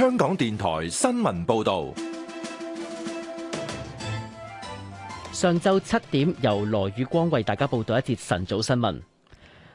香港電台新聞報道，上晝七點由羅宇光為大家報道一節晨早新聞。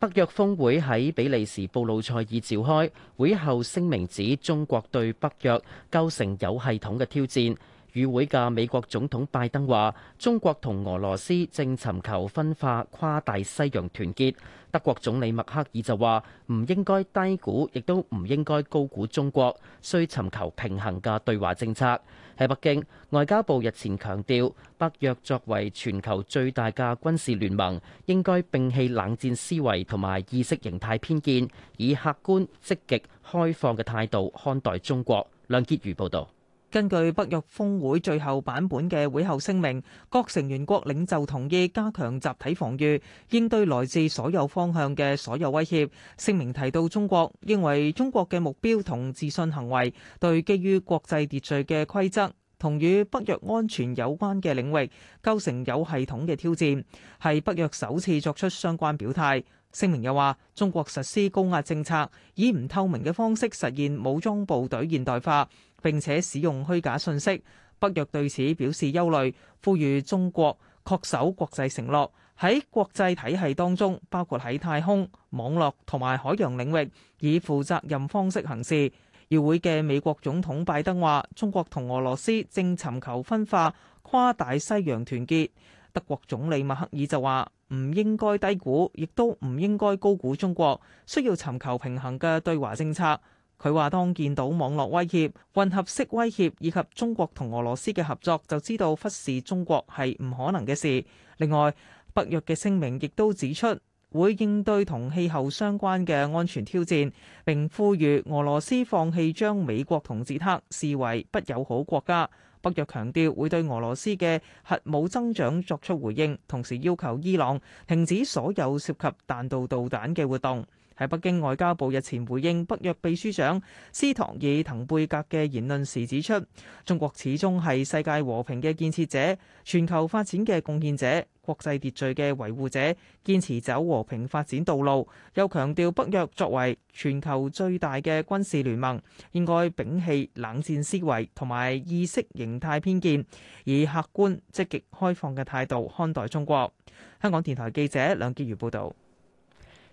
北約峰會喺比利時布魯塞爾召開，會後聲明指中國對北約構成有系統嘅挑戰。與會嘅美國總統拜登話：中國同俄羅斯正尋求分化跨大西洋團結。德國總理默克爾就話：唔應該低估，亦都唔應該高估中國，需尋求平衡嘅對華政策。喺北京，外交部日前強調，北約作為全球最大嘅軍事聯盟，應該摒棄冷戰思維同埋意識形態偏見，以客觀、積極、開放嘅態度看待中國。梁潔如報導。根據北約峰會最後版本嘅會後聲明，各成員國領袖同意加強集體防禦，應對來自所有方向嘅所有威脅。聲明提到，中國認為中國嘅目標同自信行為對基於國際秩序嘅規則同與北約安全有關嘅領域構成有系統嘅挑戰，係北約首次作出相關表態。聲明又話，中國實施高壓政策，以唔透明嘅方式實現武裝部隊現代化。並且使用虛假信息，北約對此表示憂慮，呼籲中國恪守國際承諾，喺國際體系當中，包括喺太空、網絡同埋海洋領域，以負責任方式行事。議會嘅美國總統拜登話中國同俄羅斯正尋求分化，跨大西洋團結，德國總理默克爾就話唔應該低估，亦都唔應該高估中國需要尋求平衡嘅對華政策。佢話：當見到網絡威脅、混合式威脅以及中國同俄羅斯嘅合作，就知道忽視中國係唔可能嘅事。另外，北約嘅聲明亦都指出會應對同氣候相關嘅安全挑戰，並呼籲俄羅斯放棄將美國同捷克視為不友好國家。北約強調會對俄羅斯嘅核武增長作出回應，同時要求伊朗停止所有涉及彈道導彈嘅活動。喺北京外交部日前回應北約秘書長斯托爾滕貝格嘅言論時指出，中國始終係世界和平嘅建設者、全球發展嘅貢獻者、國際秩序嘅維護者，堅持走和平發展道路。又強調北約作為全球最大嘅軍事聯盟，應該摒棄冷戰思維同埋意識形態偏見，以客觀積極開放嘅態度看待中國，香港電台記者梁潔如報道。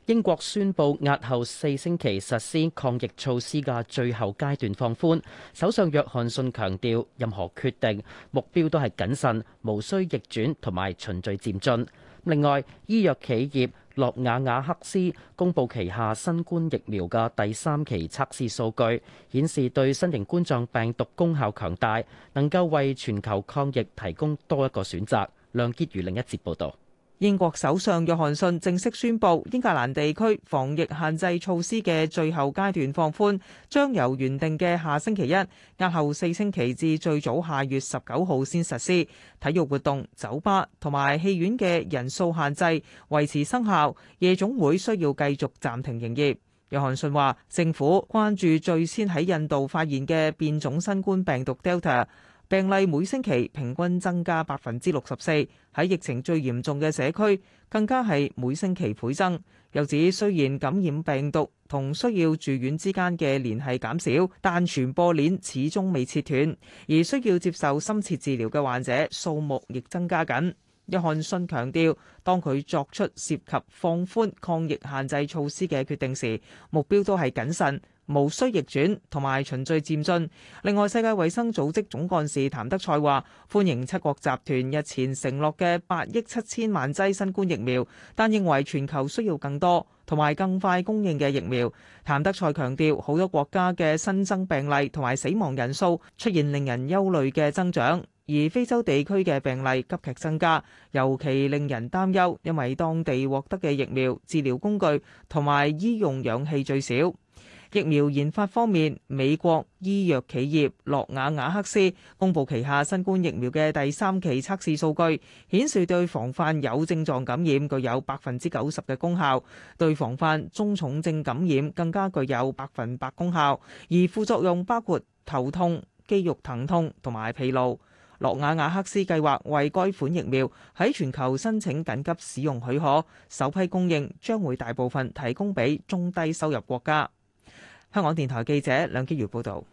英國宣布押後四星期實施抗疫措施嘅最後階段放寬。首相約翰遜強調，任何決定目標都係謹慎，無需逆轉同埋循序漸進。另外，醫藥企業諾瓦瓦克斯公布旗下新冠疫苗嘅第三期測試數據，顯示對新型冠狀病毒功效強大，能夠為全球抗疫提供多一個選擇。梁潔如另一節報導。英國首相約翰遜正式宣布英格蘭地區防疫限制措施嘅最後階段放寬，將由原定嘅下星期一押後四星期至最早下月十九號先實施。體育活動、酒吧同埋戲院嘅人數限制維持生效，夜總會需要繼續暫停營業。約翰遜話：政府關注最先喺印度發現嘅變種新冠病毒 Delta。病例每星期平均增加百分之六十四，喺疫情最嚴重嘅社區，更加係每星期倍增。又指雖然感染病毒同需要住院之間嘅聯繫減少，但傳播鏈始終未切斷，而需要接受深切治療嘅患者數目亦增加緊。約翰遜強調，當佢作出涉及放寬抗疫限制措施嘅決定時，目標都係謹慎。無需逆轉同埋循序漸進。另外，世界衛生組織總幹事譚德賽話，歡迎七國集團日前承諾嘅八億七千萬劑新冠疫苗，但認為全球需要更多同埋更快供應嘅疫苗。譚德賽強調，好多國家嘅新增病例同埋死亡人數出現令人憂慮嘅增長，而非洲地區嘅病例急劇增加，尤其令人擔憂，因為當地獲得嘅疫苗、治療工具同埋醫用氧氣最少。疫苗研發方面，美國醫藥企業諾瓦瓦克斯公佈旗下新冠疫苗嘅第三期測試數據，顯示對防範有症狀感染具有百分之九十嘅功效，對防範中重症感染更加具有百分百功效。而副作用包括頭痛、肌肉疼痛同埋疲勞。諾瓦瓦克斯計劃為該款疫苗喺全球申請緊急使用許可，首批供應將會大部分提供俾中低收入國家。香港電台記者梁潔如報道，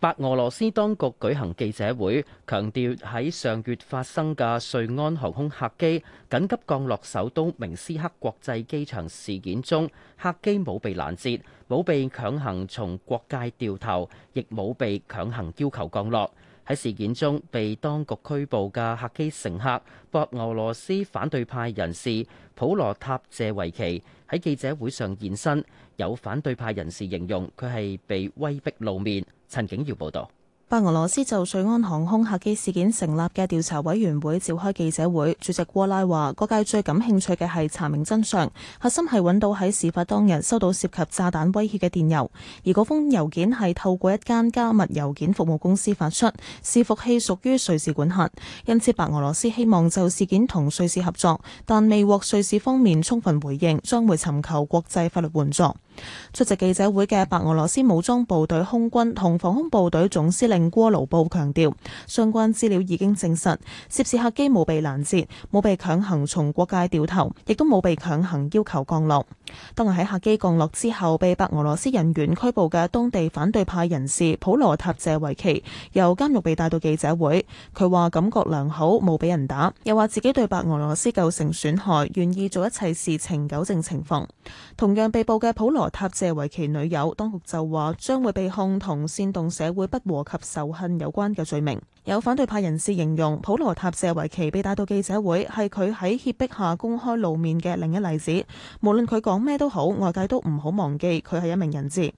白俄羅斯當局舉行記者會，強調喺上月發生嘅瑞安航空客機緊急降落首都明斯克國際機場事件中，客機冇被攔截，冇被強行從國界掉頭，亦冇被強行要求降落。喺事件中被當局拘捕嘅客機乘客、白俄羅斯反對派人士普羅塔謝維奇喺記者會上現身，有反對派人士形容佢係被威逼露面。陳景耀報道。白俄羅斯就瑞安航空客機事件成立嘅調查委員會召開記者會，主席沃拉話：各界最感興趣嘅係查明真相，核心係揾到喺事發當日收到涉及炸彈威脅嘅電郵，而嗰封郵件係透過一間加密郵件服務公司發出，伺服器屬於瑞士管轄。因此，白俄羅斯希望就事件同瑞士合作，但未獲瑞士方面充分回應，將會尋求國際法律援助。出席記者會嘅白俄羅斯武裝部隊空軍同防空部隊總司令郭盧布強調，相關資料已經證實，涉事客機冇被攔截，冇被強行從國界掉頭，亦都冇被強行要求降落。當日喺客機降落之後，被白俄羅斯人員拘捕嘅當地反對派人士普羅塔謝維奇由監獄被帶到記者會，佢話感覺良好，冇俾人打，又話自己對白俄羅斯構成損害，願意做一切事情糾正情況。同樣被捕嘅普羅塔謝維奇女友，當局就話將會被控同煽動社會不和及仇恨有關嘅罪名。有反對派人士形容普羅塔謝維奇被帶到記者會係佢喺脅迫下公開露面嘅另一例子。無論佢講咩都好，外界都唔好忘記佢係一名人質。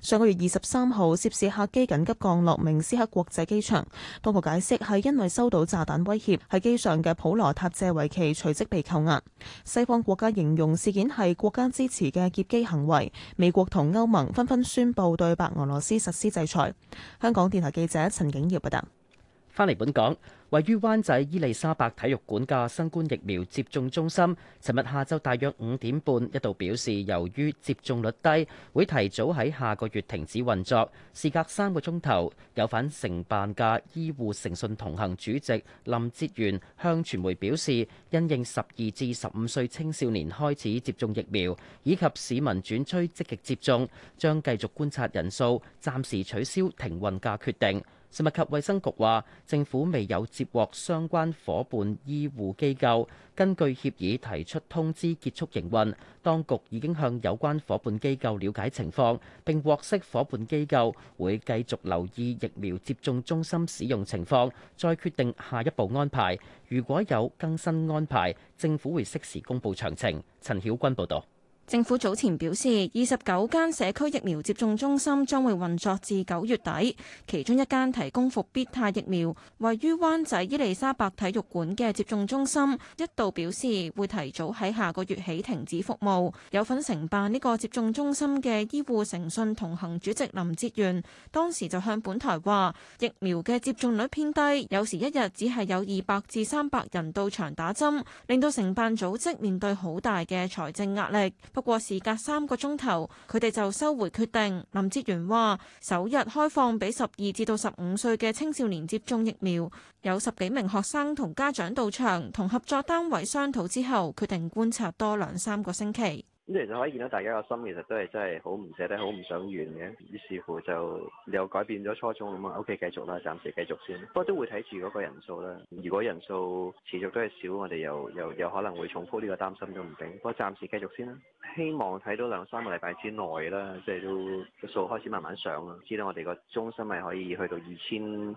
上個月二十三號，涉事客機緊急降落明斯克國際機場，當局解釋係因為收到炸彈威脅，喺機上嘅普羅塔謝維奇隨即被扣押。西方國家形容事件係國家支持嘅劫機行為，美國同歐盟紛紛宣布對白俄羅斯實施制裁。香港電台記者陳景業報道。翻嚟本港，位於灣仔伊利沙伯體育館嘅新冠疫苗接種中心，尋日下晝大約五點半一度表示，由於接種率低，會提早喺下個月停止運作。事隔三個鐘頭，有份承辦嘅醫護誠信同行主席林哲元向傳媒表示，因應十二至十五歲青少年開始接種疫苗，以及市民轉趨積極接種，將繼續觀察人數，暫時取消停運嘅決定。食物及衛生局話，政府未有接獲相關伙伴醫護機構根據協議提出通知結束營運。當局已經向有關伙伴機構了解情況，並獲悉伙伴機構會繼續留意疫苗接種中心使用情況，再決定下一步安排。如果有更新安排，政府會適時公布詳情。陳曉君報導。政府早前表示，二十九間社區疫苗接種中心將會運作至九月底。其中一間提供復必泰疫苗，位於灣仔伊麗莎白體育館嘅接種中心一度表示會提早喺下個月起停止服務。有份承辦呢個接種中心嘅醫護誠信同行主席林哲元當時就向本台話：疫苗嘅接種率偏低，有時一日只係有二百至三百人到場打針，令到承辦組織面對好大嘅財政壓力。不過時隔三個鐘頭，佢哋就收回決定。林志源話：首日開放畀十二至到十五歲嘅青少年接種疫苗，有十幾名學生同家長到場，同合作單位商討之後，決定觀察多兩三個星期。咁其實可以見到大家個心其實都係真係好唔捨得、好唔想完嘅，於是乎就又改變咗初衷咁啊。OK，繼續啦，暫時繼續先。不過都會睇住嗰個人數啦。如果人數持續都係少，我哋又又有可能會重複呢個擔心都唔定。不過暫時繼續先啦。希望睇到兩三個禮拜之內啦，即係都個數開始慢慢上啦。知道我哋個中心係可以去到二千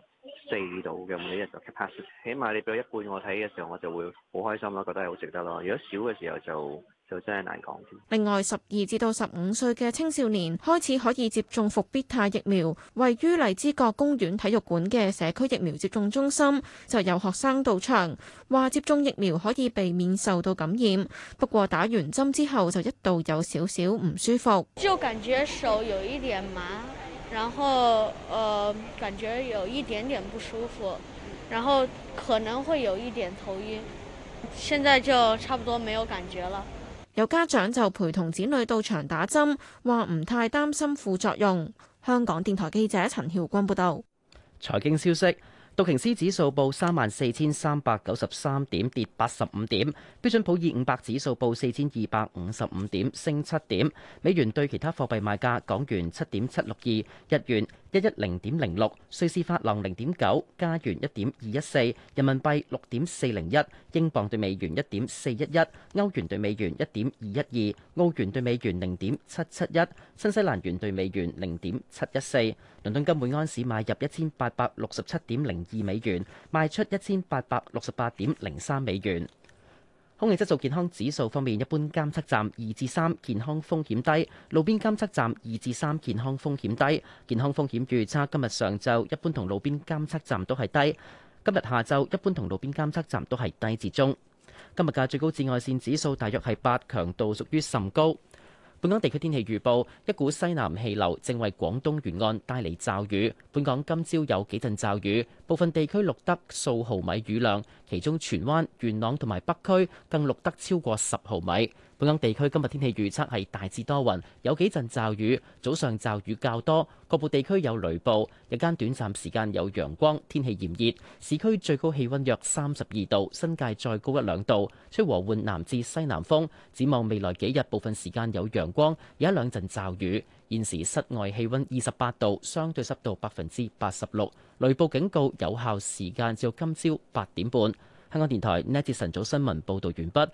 四度嘅，每日就 capacity。起碼你俾一半我睇嘅時候，我就會好開心啦，覺得係好值得咯。如果少嘅時候就～就真係難講。另外，十二至到十五歲嘅青少年開始可以接種復必泰疫苗。位於荔枝角公園體育館嘅社區疫苗接種中心就有學生到場，話接種疫苗可以避免受到感染。不過打完針之後就一度有少少唔舒服，就感覺手有一點麻，然後呃感覺有一點點不舒服，然後可能會有一點頭暈，現在就差不多沒有感覺了。有家長就陪同子女到場打針，話唔太擔心副作用。香港電台記者陳曉君報導。財經消息。道瓊斯指數報三萬四千三百九十三點，跌八十五點。標準普爾五百指數報四千二百五十五點，升七點。美元對其他貨幣賣價：港元七點七六二，日元一一零點零六，瑞士法郎零點九，加元一點二一四，人民幣六點四零一，英鎊對美元一點四一一，歐元對美元一點二一二，澳元對美元零點七七一，新西蘭元對美元零點七一四。倫敦金每安士買入一千八百六十七點零二美元，賣出一千八百六十八點零三美元。空氣質素健康指數方面，一般監測站二至三，健康風險低；路邊監測站二至三，健康風險低。健康風險預測今日上晝一般同路邊監測站都係低，今日下晝一般同路邊監測站都係低至中。今日嘅最高紫外線指數大約係八，強度屬於甚高。本港地區天氣預報，一股西南氣流正為廣東沿岸帶嚟驟雨。本港今朝有幾陣驟雨，部分地區錄得數毫米雨量。其中荃灣、元朗同埋北區更錄得超過十毫米。本港地區今日天氣預測係大致多雲，有幾陣驟雨，早上驟雨較多，各部地區有雷暴，日間短暫時間有陽光，天氣炎熱。市區最高氣温約三十二度，新界再高一兩度。吹和緩南至西南風。展望未來幾日，部分時間有陽光，有一兩陣驟雨。現時室外氣溫二十八度，相對濕度百分之八十六。雷暴警告有效時間至今朝八點半。香港電台呢節晨早新聞報道完畢。